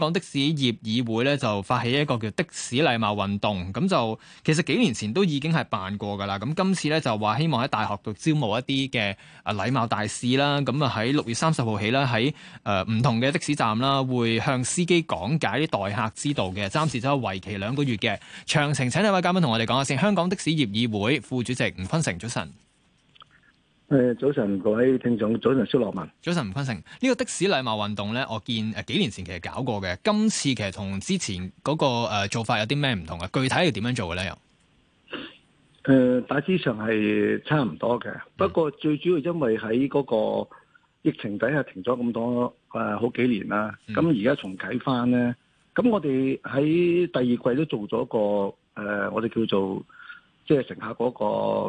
香港的士業議會咧就發起一個叫的士禮貌運動，咁就其實幾年前都已經係辦過噶啦。咁今次咧就話希望喺大學度招募一啲嘅啊禮貌大使啦，咁啊喺六月三十號起啦，喺誒唔同嘅的、的士站啦，會向司機講解啲待客之道嘅，暫時就為期兩個月嘅。詳情請兩位嘉賓同我哋講下先。香港的士業議會副主席吳坤成早晨。誒，早晨各位聽眾，早晨蕭樂文，早晨吳坤成。呢、這個的士禮貌運動咧，我見誒幾年前其實搞過嘅，今次其實同之前嗰、那個誒、呃、做法有啲咩唔同啊？具體係點樣做嘅咧？又誒、呃，大致上係差唔多嘅，嗯、不過最主要因為喺嗰個疫情底下停咗咁多誒、呃、好幾年啦，咁而家重啟返咧，咁我哋喺第二季都做咗個誒、呃，我哋叫做。即係乘客嗰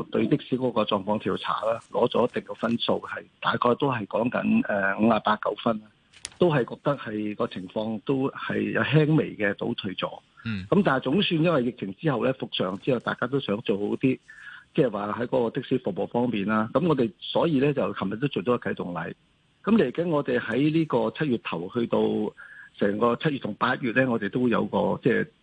個對的士嗰個狀況調查啦，攞咗一定嘅分數，係大概都係講緊誒五呀八九分啦，都係覺得係、嗰個情況都係有輕微嘅倒退咗。嗯，咁但係總算因為疫情之後咧，復常之後，大家都想做好啲，即係話喺嗰個的士服務方面啦。咁我哋所以咧就琴日都做咗個啟動禮。咁嚟緊我哋喺呢個七月頭去到成個七月同八月咧，我哋都有個即係。就是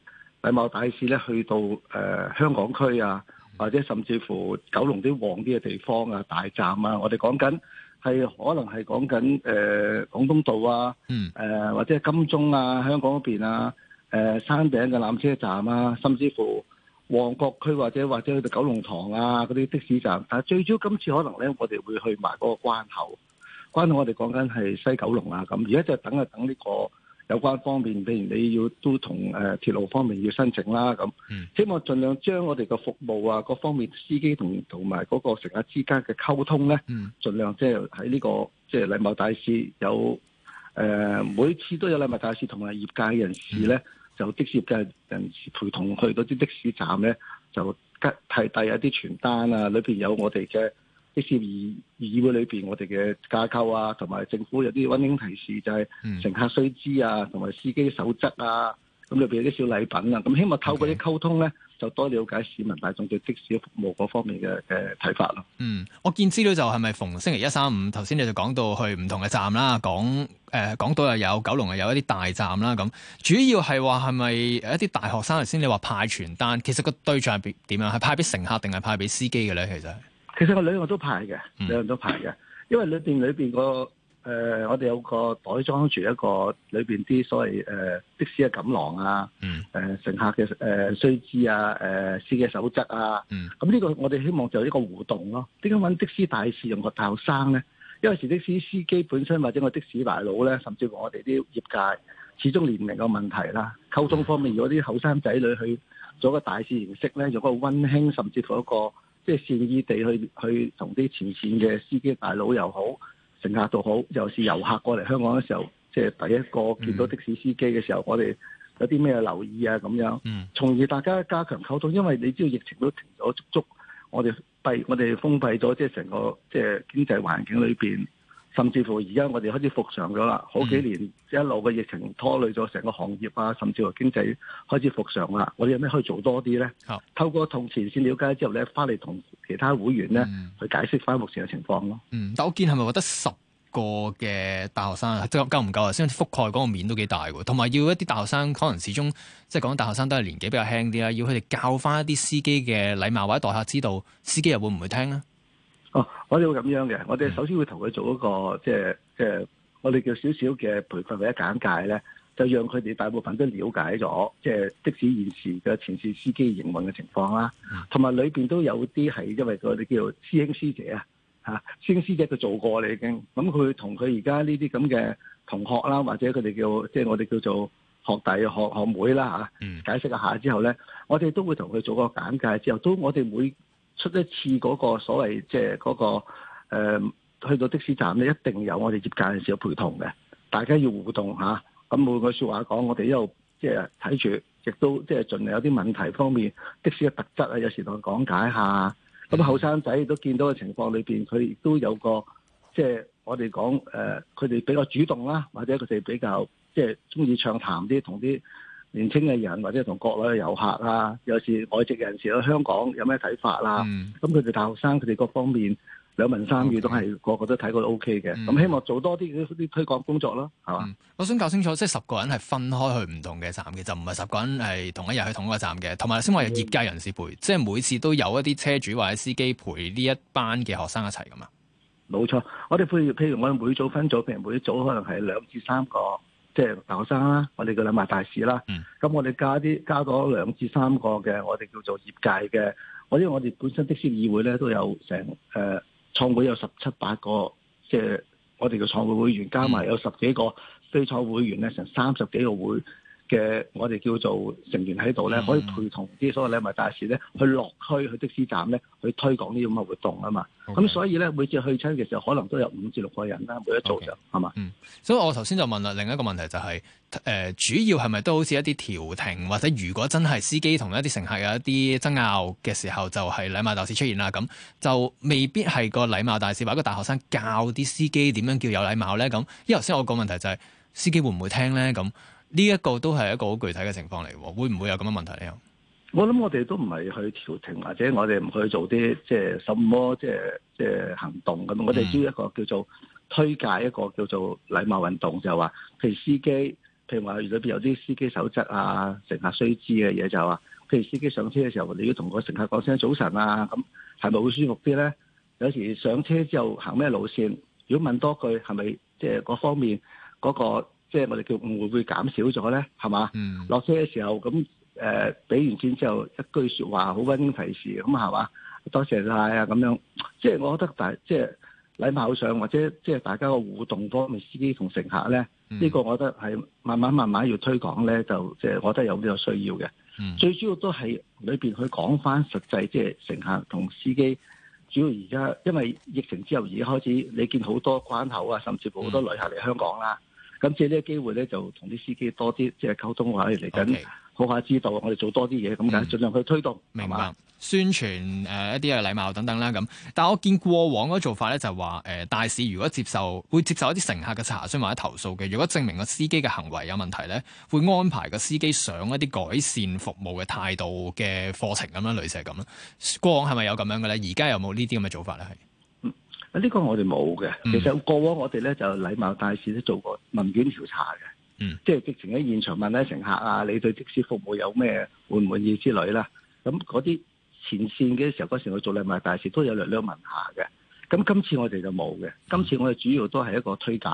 禮貌大使咧去到、呃、香港區啊，或者甚至乎九龍啲旺啲嘅地方啊、大站啊，我哋講緊係可能係講緊誒廣東道啊，呃、或者係金鐘啊、香港嗰邊啊、呃、山頂嘅纜車站啊，甚至乎旺角區或者或者去到九龍塘啊嗰啲的士站，但係最主要今次可能咧，我哋會去埋嗰個關口，關口我哋講緊係西九龍啊咁，而家就等啊等呢個。有關方面，譬如你要都同誒、呃、鐵路方面要申請啦，咁、嗯、希望盡量將我哋嘅服務啊各方面，司機同同埋嗰個乘客之間嘅溝通咧，嗯、盡量即係喺呢個即係、就是、禮貌大使有誒、呃，每次都有禮貌大使同埋業界人士咧，嗯、就的士業人士陪同去嗰啲的士站咧，就給派遞一啲傳單啊，裏邊有我哋嘅。的士議議會裏邊，我哋嘅架構啊，同埋政府有啲温馨提示，就係乘客須知啊，同埋司機守則啊，咁裏邊有啲小禮品啊，咁希望透過啲溝通咧，就多了解市民大眾對的士服務嗰方面嘅嘅睇法咯。嗯，我見資料就係咪逢星期一三五，頭先你就講到去唔同嘅站啦，港誒、呃、港島又有，九龍又有，有一啲大站啦，咁主要係話係咪一啲大學生？頭先你話派傳單，其實個對象係點樣？係派俾乘客定係派俾司機嘅咧？其實。其實我兩樣都排嘅，兩樣都排嘅，因為裏邊裏邊個誒，我哋有個袋裝住一個裏邊啲所謂誒、呃、的士嘅錦囊啊，誒、嗯呃、乘客嘅誒須知啊，誒司機守則啊，咁呢個我哋希望就一個互動咯。點解揾的士大使用個大學生咧？因為時的士司機本身或者個的士大佬咧，甚至乎我哋啲業界始終年齡嘅問題啦，溝通方面如果啲後生仔女去做個大使形式咧，用個温馨，甚至乎一個。即係善意地去去同啲前線嘅司機大佬又好，乘客都好，又是遊客過嚟香港嘅時候，即係第一個見到的士司機嘅時候，我哋有啲咩留意啊咁樣，從而大家加強溝通，因為你知道疫情都停咗足足，我哋閉我哋封閉咗，即係成個即係經濟環境裏邊。甚至乎而家我哋開始復常咗啦，好幾年一路嘅疫情拖累咗成個行業啊，嗯、甚至乎經濟開始復常啦。我哋有咩可以做多啲咧？哦、透過同前線了解之後咧，翻嚟同其他會員咧、嗯、去解釋翻目前嘅情況咯。嗯，但我見係咪覺得十個嘅大學生啊，夠唔夠啊？先覆蓋嗰個面都幾大喎，同埋要一啲大學生，可能始終即係講大學生都係年紀比較輕啲啦，要佢哋教翻一啲司機嘅禮貌或者待客之道，司機又會唔會聽咧？我哋會咁樣嘅，我哋首先會同佢做一個即係即係我哋叫少少嘅培訓或者簡介咧，就讓佢哋大部分都了解咗，即係的士現時嘅前線司機營運嘅情況啦，同埋裏邊都有啲係因為我哋叫師兄師姐啊，吓，師兄師姐佢做過已嘅，咁佢同佢而家呢啲咁嘅同學啦，或者佢哋叫即係我哋叫做學弟學學妹啦吓，解釋一下之後咧，我哋都會同佢做個簡介之後，都我哋每出一次嗰個所謂即係嗰個、呃、去到的士站咧，一定有我哋接駁嘅時候陪同嘅。大家要互動下。咁每個話說話講，我哋一路即係睇住，亦都即係盡量有啲問題方面的士嘅特質啊，有時同佢講解下。咁後生仔都見到嘅情況裏面，佢亦都有個即係、就是、我哋講誒，佢、呃、哋比較主動啦，或者佢哋比較即係中意暢談啲同啲。年青嘅人或者同國內嘅遊客啦，有時外籍人士去香港有咩睇法啦？咁佢哋大學生佢哋各方面兩文三語都係個個都睇過都 O K 嘅。咁、嗯、希望做多啲啲推廣工作咯，係嘛、嗯？我想搞清楚，即係十個人係分開去唔同嘅站嘅，就唔係十個人係同一日去同一個站嘅。同埋先話有業界人士陪，嗯、即係每次都有一啲車主或者司機陪呢一班嘅學生一齊噶嘛？冇錯，我哋譬如譬如我哋每組分組，譬如每一組可能係兩至三個。即係大學生啦，我哋嘅禮貌大使啦，咁我哋加啲加咗兩至三個嘅，我哋叫做業界嘅，我因為我哋本身的士議會咧都有成誒、呃、創會有十七八個，即係我哋嘅創會會員加埋有十幾個非創會員咧，成三十幾個會。嘅我哋叫做成員喺度咧，可以陪同啲，所有禮貌大使咧去落區、嗯、去的士站咧，去推廣呢啲咁嘅活動啊嘛。咁、嗯、所以咧、嗯、每次去親嘅時候，可能都有五至六個人啦，每一組就係嘛。嗯，吧嗯，所以我頭先就問啦，另一個問題就係、是呃、主要係咪都好似一啲調停，或者如果真係司機同一啲乘客有一啲爭拗嘅時候，就係禮貌大使出現啦。咁就未必係個禮貌大使，或者個大學生教啲司機點樣叫有禮貌咧。咁因為頭先我個問題就係、是、司機會唔會聽咧咁？呢一個都係一個好具體嘅情況嚟，會唔會有咁嘅問題呢？我諗我哋都唔係去調停，或者我哋唔去做啲即係什麼即係即行動咁。我哋主要一個叫做推介一個叫做禮貌運動，就係話譬如司機，譬如話裏邊有啲司機守則啊、乘客須知嘅嘢，就係話譬如司機上車嘅時候，你要同個乘客講聲早晨啊，咁係咪好舒服啲呢？有時上車之後行咩路線，如果問多句係咪即係嗰方面嗰個？即係我哋叫會唔會減少咗咧？係嘛？落、嗯、車嘅時候咁誒，俾、呃、完錢之後一句說話，好溫馨提示咁係嘛？多謝晒啊！咁樣即係我覺得大即係禮貌上，或者即係大家個互動多咪，司機同乘客咧，呢、嗯、個我覺得係慢慢慢慢要推廣咧，就即係我覺得有呢個需要嘅。嗯、最主要都係裏面去講翻實際，即係乘客同司機主要而家因為疫情之後已經開始，你見好多關口啊，甚至乎好多旅客嚟香港啦。嗯咁借呢個機會咧，就同啲司機多啲即係溝通話嚟緊，下好下知道，我哋做多啲嘢咁樣，盡量去推動，嗯、明白，係嘛？宣傳誒一啲嘅禮貌等等啦咁。但我見過往嗰個做法咧，就、呃、話大使如果接受會接受一啲乘客嘅查詢或者投訴嘅，如果證明個司機嘅行為有問題咧，會安排個司機上一啲改善服務嘅態度嘅課程咁樣類似係咁啦。過往係咪有咁樣嘅咧？而家有冇呢啲咁嘅做法咧？係。呢個我哋冇嘅，其實過往我哋咧就禮貌大使都做過問卷調查嘅，嗯，即係直情喺現場問下乘客啊，你對的士服務有咩滿唔滿意之類啦。咁嗰啲前線嘅時候，嗰時候我做禮貌大使都有略略問下嘅。咁今次我哋就冇嘅，嗯、今次我哋主要都係一個推介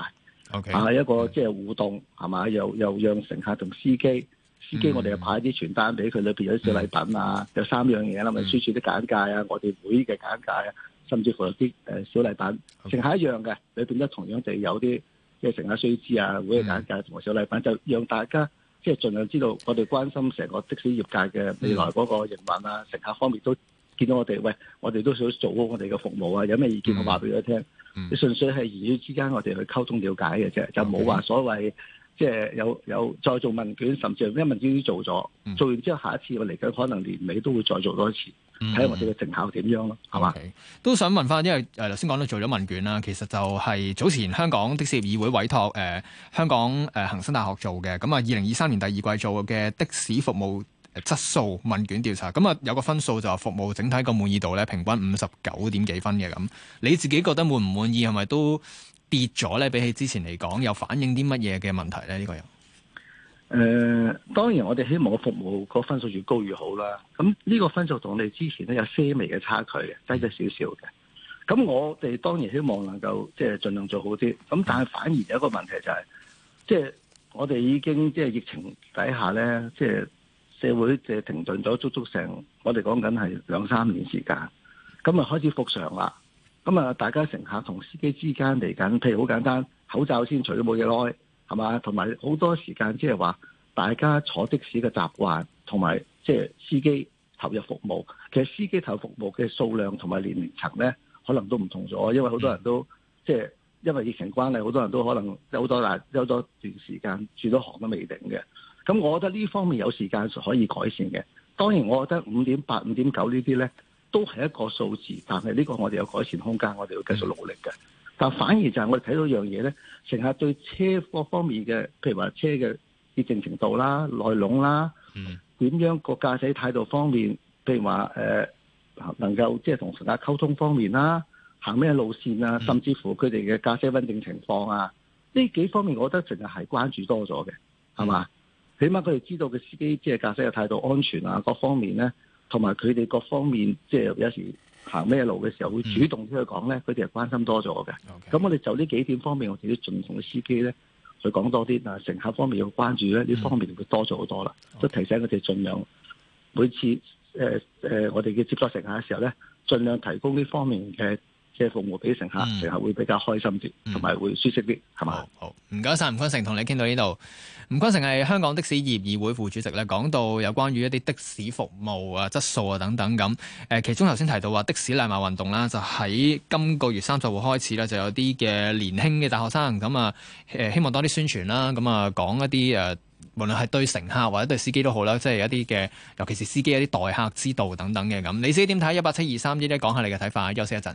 ，okay, 啊，一個即係互動係嘛，又又讓乘客同司機，司機我哋又派啲傳單俾佢，裏邊、嗯、有小禮品啊，嗯、有三樣嘢啦，咪輸住啲簡介啊，我哋會嘅簡介啊。甚至乎有啲小禮品，乘客 Okay. 一樣嘅，你變咗同樣就有啲即係乘客須知啊，會嘅簡介同埋小禮品，mm. 就讓大家即係儘量知道我哋關心成個的士業界嘅未來嗰個營運啊，乘客、mm. 方面都見到我哋，喂，我哋都想做好我哋嘅服務啊，有咩意見我話俾佢聽，mm. 你純粹係言語之間我哋去溝通了解嘅啫，Okay. 就冇話所謂即係有有再做問卷，甚至係咩問卷已經做咗，mm. 做完之後下一次我嚟緊可能年尾都會再做多一次。睇下我哋嘅成效點樣咯，係嘛、嗯？吧 okay. 都想問翻，因為誒頭先講到做咗問卷啦，其實就係早前香港的士業議會委託誒、呃、香港誒恒、呃、生大學做嘅，咁啊二零二三年第二季做嘅的、的士服務質素問卷調查，咁啊有個分數就話服務整體嘅滿意度咧平均五十九點幾分嘅咁，你自己覺得滿唔滿意係咪都跌咗咧？比起之前嚟講，有反映啲乜嘢嘅問題咧？呢、這個人。誒、呃，當然我哋希望個服務個分數越高越好啦。咁呢個分數同我哋之前咧有些微嘅差距嘅，低咗少少嘅。咁我哋當然希望能夠即係盡量做好啲。咁但係反而有一個問題就係、是，即、就、係、是、我哋已經即係、就是、疫情底下咧，即、就、係、是、社會即係停頓咗足足成，我哋講緊係兩三年時間。咁啊開始復常啦。咁啊大家乘客同司機之間嚟緊，譬如好簡單，口罩先除咗冇幾耐。係嘛？同埋好多時間，即係話大家坐的士嘅習慣，同埋即係司機投入服務。其實司機投入服務嘅數量同埋年齡層咧，可能都唔同咗，因為好多人都即係、就是、因為疫情關係，好多人都可能有好多啦休咗段時間，轉咗行都未定嘅。咁我覺得呢方面有時間可以改善嘅。當然，我覺得五點八、五點九呢啲咧，都係一個數字，但係呢個我哋有改善空間，我哋要繼續努力嘅。但反而就係我哋睇到一樣嘢咧，乘客對車各方面嘅，譬如話車嘅潔淨程度啦、內籠啦，點樣個駕駛態度方面，譬如話誒、呃、能夠即係同乘客溝通方面啦，行咩路線啊，甚至乎佢哋嘅駕駛穩定情況啊，呢幾方面我覺得淨係係關注多咗嘅，係嘛？起碼佢哋知道嘅司機即係駕駛嘅態度、安全啊各方面咧，同埋佢哋各方面即係、就是、有時。行咩路嘅時候會主動出去講咧，佢哋係關心多咗嘅。咁 Okay. 我哋就呢幾點方面，我哋都盡同司機咧去講多啲。嗱，乘客方面要關注咧，呢方面會多咗好多啦，都、嗯 okay. 提醒佢哋盡量每次誒、呃呃、我哋嘅接觸乘客嘅時候咧，盡量提供呢方面嘅。嘅服務俾乘客，乘客會比較開心啲，同埋、嗯、會舒適啲，係嘛、嗯吧？好唔該晒。吳坤成同你傾到呢度。吳坤成係香港的士業議會副主席咧，講到有關於一啲的士服務啊、質素啊等等咁。誒、啊，其中頭先提到話的士禮貌運動啦，就喺今個月三十號開始咧，就有啲嘅年輕嘅大學生咁啊，誒希望多啲宣傳啦，咁啊講一啲誒、啊，無論係對乘客或者對司機都好啦，即係一啲嘅，尤其是司機一啲待客之道等等嘅咁、啊。你自己點睇一八七二三呢？講下你嘅睇法，休息一陣。